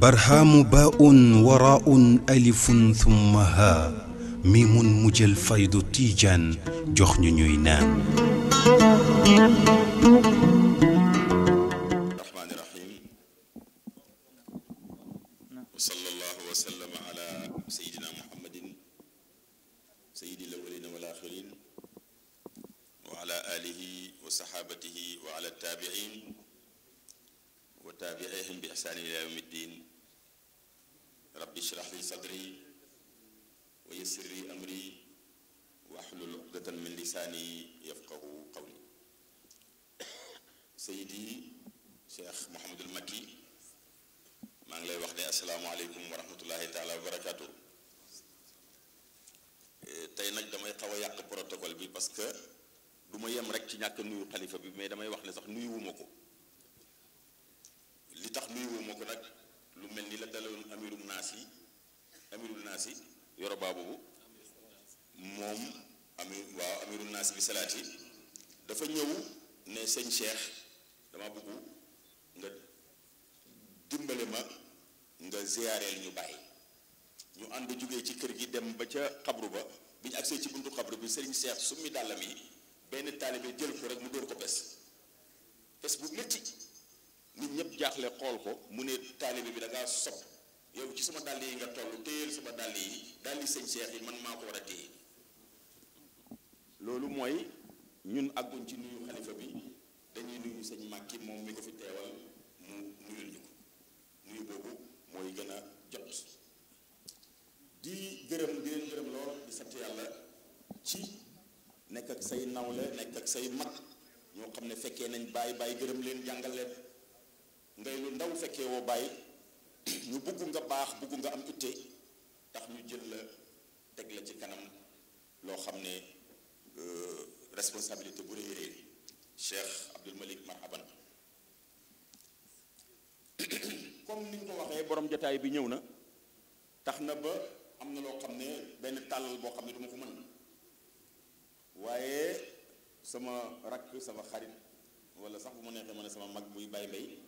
برهام باء وراء ألف ثم ها ميم مجل فيض تيجان جخن نينان الرحمن الرحيم وصلى الله وسلم على سيدنا محمد سيد الأولين والآخرين آله وصحابته وعلى التابعين وتابعيهم بإحسان إلى يوم الدين رب اشرح لي صدري ويسر لي أمري واحلل عقدة من لساني يفقه قولي سيدي شيخ محمد المكي maa ngi وحدي السلام عليكم ورحمة الله تعالى وبركاته wa barakaatu eh, tey nag damay xaw du ma yem rek ci ñàkk nuyu xalifa bi mais damay wax ne sax nuyuwuma ko li tax nuyuwuma ko nag lu mel ni la daloon amirul naas yi amirul naas yi yorobaa boobu moom amir waaw amirul naas bi salaat yi dafa ñëw ne sëñ Cheikh dama bëgg nga dimbale ma nga ziyaareel ñu bàyyi ñu ànd jógee ci kër gi dem ba ca xabru ba bi ñu agsee ci buntu xabru bi sëriñ Cheikh summi dàllam yi benn talibé jël ko rek mu door ko bes bes bu metti nit ñep jaxlé xol ko mu né talibé bi da nga sob yow ci sama dal yi nga tollu teyel sama dal yi dal yi señ cheikh yi man mako wara war lolu moy ñun àgguñ ci nuyu khalifa bi dañuy nuyu señ makki mom mi ko fi téwal mu nuyul ñu nawle nekk ak say mag ñoo xam ne fekkee nañ bàyyi bàyyi gërëm leen jàngal leen ngay lu ndaw fekkee woo bàyyi ñu bugg nga baax bugg nga am itte tax ñu jël la teg la ci kanam loo xam ne euh, responsabilité bu rëy yi Cheikh Abdul Malik marhaban comme ni ko waxee borom jataay bi ñëw na tax na ba am na loo xam ne benn tàllal boo xam ne duma ko mën waye sama rak sama xarit wala sax buma nexe mané sama mag buy bay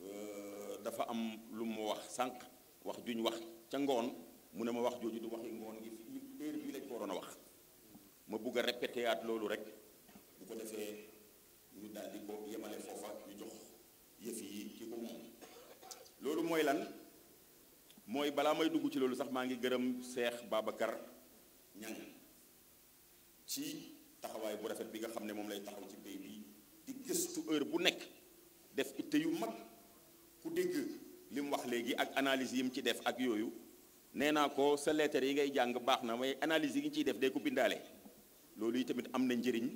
euh dafa am lu mu wax sank wax juñ wax ca ngon mu ne ma wax joju du waxi ngon gi fii heure bi lañ ko wona wax ma bëgg répété at rek bu ko défé ñu dal di ko yemalé fofa ñu jox yëf yi ci ko mom lolu moy lan moy bala may dugg ci lolu sax ma ngi gëreum cheikh babakar Ñang ci taxawaay bu rafet bi nga xam ne moom lay taxaw ci pays bi di gëstu heure bu nekk def itte yu mag ku dégg li mu wax léegi ak analyse yi mu ci def ak yooyu nee naa ko sa lettre yi ngay jàng baax na waaye analyse yi ngi ciy def day ko bindaale loolu yi tamit am na njëriñ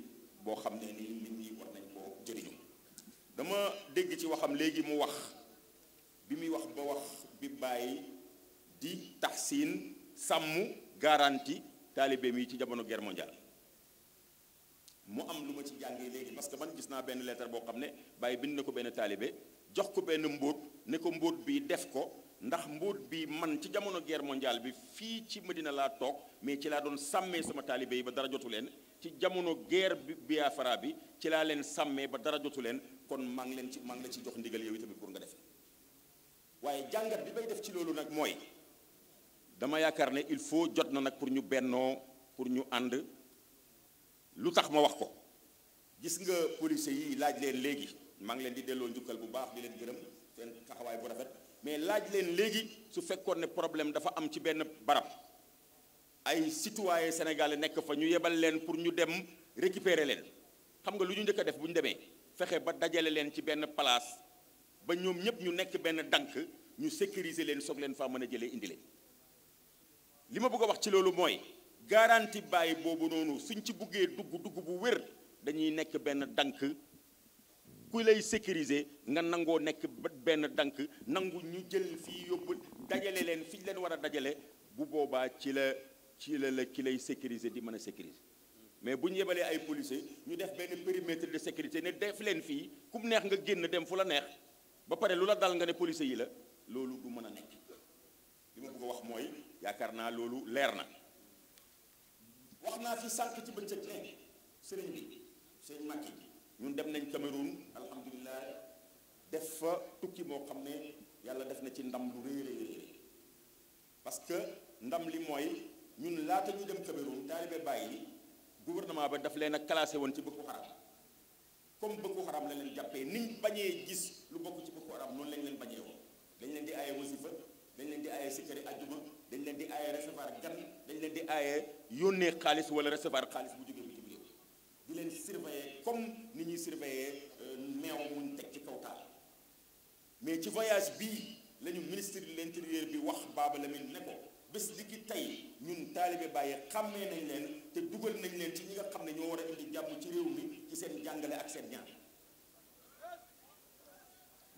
boo xam ne ni nit ñi war nañ koo jëriñu dama dégg ci waxam léegi mu wax bi muy wax ba wax bi bàyyi di taxsiin sàmm garanti taalibe mi ci jamono guerre mondiale mu am lu ma ci jàngee léegi parce que man gis naa benn leetar boo xam ne bàyyi bind na ko benn taalibe jox ko benn mbóot ne ko mbóot bii def ko ndax mbóot bii man ci jamono guerre mondiale bi fii ci Medina laa toog mais ci laa doon sàmmee sama taalibe yi ba dara jotu leen ci jamono guerre bi Biafra bi ci laa leen sàmmee ba dara jotu leen kon maa ngi leen ci maa la ci jox ndigal yow itamit pour nga def waaye jàngat bi bay def ci loolu nag mooy dama yaakaar ne il faut jot na nag pour ñu bennoo pour ñu ànd lu tax ma wax ko gis nga policiers yi laaj leen léegi maa ngi leen di delloo njukkal bu baax di leen gërëm seen taxawaay bu rafet mais laaj leen léegi su fekkoon ne problème dafa am ci benn barab ay citoyen sénégalais nekk fa ñu yebal leen pour ñu dem récupérer leen xam nga lu ñu njëkk a def bu ñu demee fexe ba dajale leen ci benn place ba ñoom ñëpp ñu nekk benn dànk ñu sécuriser leen soog leen faa mën a jëlee indi leen li ma bugg a wax ci loolu mooy garanti bàyyi boobu noonu suñ ci buggee dugg dugg bu wér dañuy nekk benn dànk ku lay sécuriser nga nangoo nekk benn dànk nangu ñu jël fii yóbbu dajale leen fi ñu leen war a dajale bu boobaa ci la ci la la ki lay sécuriser di mën a sécuriser mais bu ñu yebalee ay policiers ñu def benn périmètre de sécurité ne def leen fii ku mu neex nga génn dem fu la neex ba pare lu la dal nga ne policiers yi la loolu du mën a nekk li ma bëgg wax mooy yaakaar naa loolu leer na. wax naa fi sànq ci bëccëg ne sëriñ bi sëriñ Macky ñun dem nañ Cameroun alhamdulilah def fa tukki moo xam ne yàlla def na ci ndam lu rëy rëy parce que ndam li mooy ñun laata ñu dem Cameroun taalibe bàyyi gouvernement ba daf leen ak classé woon ci bëkku xaram comme bëkku xaram la leen jàppee niñ bañee gis lu bokk ci bëkku xaram noonu lañ leen bañee woon dañ leen di aaye wasifa dañu leen di aaye sikkari ajjuma dañ leen di aaye recevoir gan dañ leen di aaye yónnee xaalis wala recevoir xaalis bu jógee bitim réew di leen surveiller comme ni ñuy surveiller euh, meew muñ teg ci kaw taal mais ci voyage bii la ñu ministre de l'intérieur bi wax Baba Lamine ne ko bés li ki tey ñun taalibe bàyyi xàmmee nañ leen te dugal nañ leen ci ñi nga xam ne ñoo war a indi jàmm ci réew mi ci seen jàngale ak seen ñaan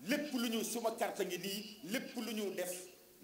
lépp lu ñu suma carte ngi nii lépp lu ñu def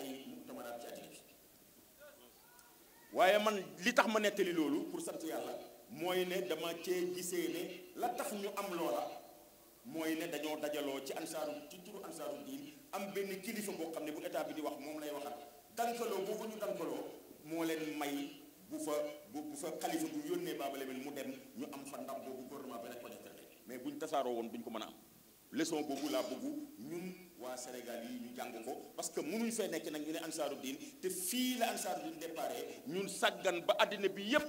ay muctamaraat ci àddina bi waaye man li tax ma nettali loolu pour sant yàlla mooy ne dama cee gisee ne la tax ñu am loola mooy ne dañoo dajaloo ci ansaaru ci turu ansaaru diin am benn kilifa boo xam ne bu état bi di wax moom lay waxat dankaloo boobu ñu dankaloo moo leen may bu fa bu fa xalifa bu yónnee baabale mel mu dem ñu am fa ndam boobu gouvernement bi rek ko mais buñ tasaaroo woon duñ ko mën a am leçon boobu laa bëgg waa senegal yi ñu jàng ko parce que mënuñ fee nekk nag ñu ne ansaaru diin te fii la ansaaru diin déparé ñun sàggan ba àddina bi yëpp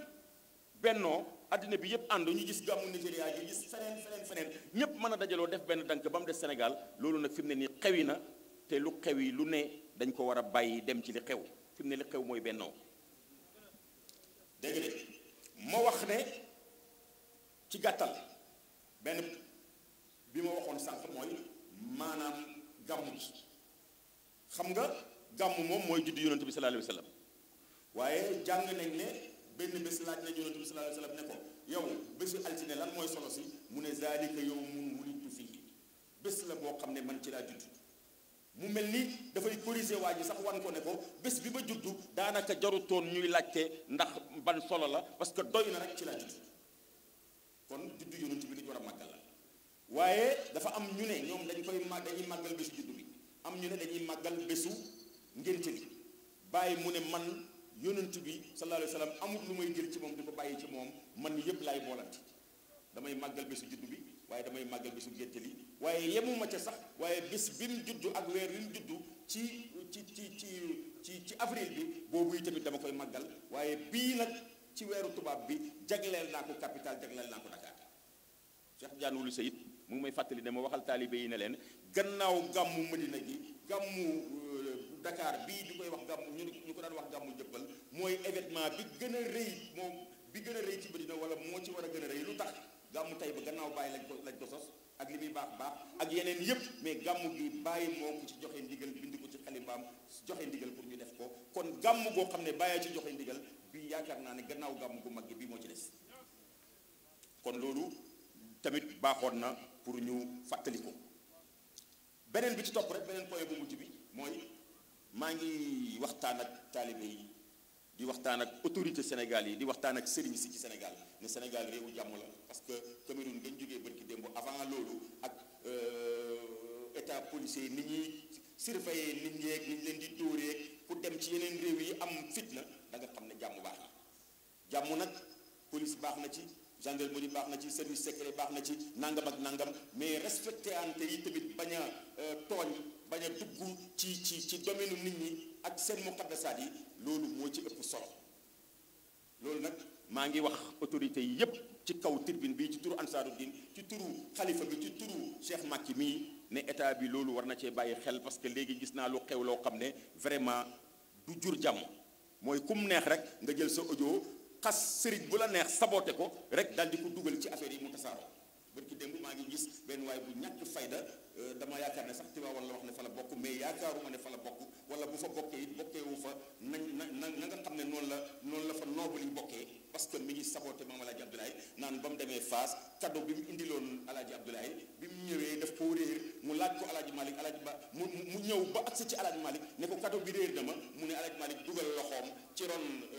bennoo àddina bi yëpp ànd ñu gis gàmmu Nigéria yi gis feneen feneen feneen ñépp mën a dajaloo def benn dank ba mu des Sénégal loolu nag fi mu ne nii xewi na te lu xew yi lu ne dañ ko war a bàyyi dem ci li xew fi ne li xew mooy bennoo dégg nga ma wax ne ci gàttal bi xam nga gàmm moom mooy juddu yonent bi sallallahu alayhi wa sallam waaye jàng nañ ne benn bés laaj na yonent bi sallallahu alayhi wa sallam ne ko yow bésu altine lan mooy solo si mu ne zaalika yow mun wulittu fii bés la boo xam ne man ci laa judd mu mel ni dafay corriger waa ji sax wan ko ne ko bés bi ma juddu daanaka jarutoon ñuy laajte ndax ban solo la parce que doy na rek ci laa judd kon juddu yonent bi li ñu war a màggal la waaye dafa am ñu ne ñoom dañ koy ma dañuy màggal bésu juddu bi am ñu ne dañuy màggal bésu ngénte li bàyyi mu ne man yonent bi sallallahu alayhi wa sallam amul lu may jël ci moom di ko bàyyi ci moom man yëpp laay boolante damay màggal bésu juddu bi waaye damay màggal bésu ngénte li waaye yemuma ca sax waaye bés bi mu juddu ak weer wi mu juddu ci ci ci ci ci ci avril bi boobu yi tamit dama koy màggal waaye bii nag ci weeru tubaab bi jagleel naa ko capital jagleel naa ko Dakar Cheikh Diagne Wulu mu ngi may fàttali dama waxal taalibe yi ne leen gannaaw gàmmu Medina gi gàmmu euh, Dakar bii di koy wax gàmmu ñu ñu ko daan wax gàmmu jëppal mooy événement bi gën a rëy moom bi gën a rëy ci Medina wala moo ci war a gën a rëy lu tax gàmmu tey ba gannaaw bàyyi lañ ko lañ ko sos ak li muy baax baax ak yeneen yépp mais gàmmu gi bàyyi moo ko ci joxe ndigal bind ko ci xalimbaam joxe ndigal pour ñu def ko kon gàmmu goo xam ne bàyyee ci joxe ndigal bi yaakaar naa ne gannaaw gàmmu gu mag gi moo ci des kon tamit baaxoon na pour ñu fàttali ko beneen bi ci topp rek beneen point bu mujj bi mooy maa ngi waxtaan ak taalibe yi di waxtaan ak autorité Sénégal yi di waxtaan ak sëriñ si ci Sénégal ne Sénégal réewu jàmm la parce que Cameroun dañ jógee bërki démb avant loolu ak euh, état policier nit ñi ñuy surveiller nit ñeeg ni ñu leen di dóoreeg pour dem ci yeneen réew yi am fitna la danga xam ne jàmm baax na jàmm nag police baax na ci gendarmerie baax na ci service secret baax ci nangam ak nangam mais respecter ante yi tamit Bagna a Bagna euh, bañ a dugg ci ci ci domaine nit ñi ak seen muqaddasaat yi loolu moo ci ëpp solo loolu nag maa ngi wax autorités yi yépp ci kaw tribune bi ci turu Ansaarud-Din ci turu xalifa bi ci turu Cheikh Macky mii ne état bi loolu war na cee bàyyi xel parce que léegi gis na lu xew loo xam ne vraiment du jur jam. mooy kum neex rek nga jël sa audio xas sëriñ bu la neex saboté ko rek daal di ko dugal ci affaire yi mu tasaaroo bërki démb maa ngi gis benn waaye bu ñàkk fayda euh, dama yaakaar ne sax Tiwaawan a wax ne fa la bokk la bokk wala bu fa bokkee it bokkee wu fa nañ na na nga xam ne noonu la noonu la fa noobali bokkee parce que mi ngi saboté maam Alaaji Abdoulaye naan ba mu demee Faas cadeau bi mu indiloon Alaaji Abdoulaye bi mu ñëwee daf koo mu laaj ko Alaaji Malick Alaaji ba mu mu ñëw ba agsi ci Alaaji Malick ne ko cadeau bi réer dama mu ne Alaaji Malick dugal loxoom ci ron euh,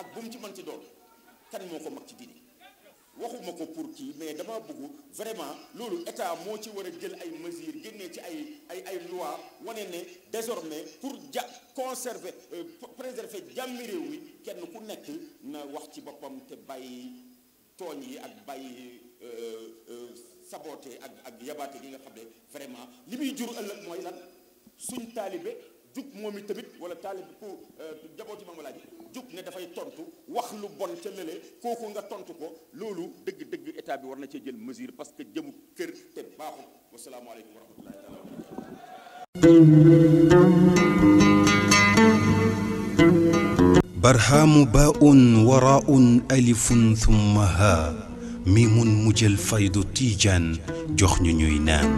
ak bu mu ci mën ci doon kan moo ko mag ci diine waxuma ko pour kii mais dama bëgg vraiment loolu état moo ci war a jël ay mesures génnee ci ay ay ay loi wane ne désormais pour ja conserver euh, préserver jàmmi réew mi kenn ku nekk na wax ci boppam te bàyyi tooñ yi ak bàyyi euh, euh, saboté ak ak yabaate gi nga xam ne vraiment li muy jur ëllëg mooy lan suñ taalibe jug moom i tamit wala taalib ku jabooti Maam Alaaji jug ne dafay tontu wax lu bon ca lële kooku nga tontu ko loolu dëgg dëgg état bi war na cee jël mesure parce que jëmu kër te baaxul wasalaamaaleykum wa rahmatullahi taala wa barakatu barhamu baun waraun alifun thumma ha mimun mujël faydu tiijaan jox ñu ñuy naan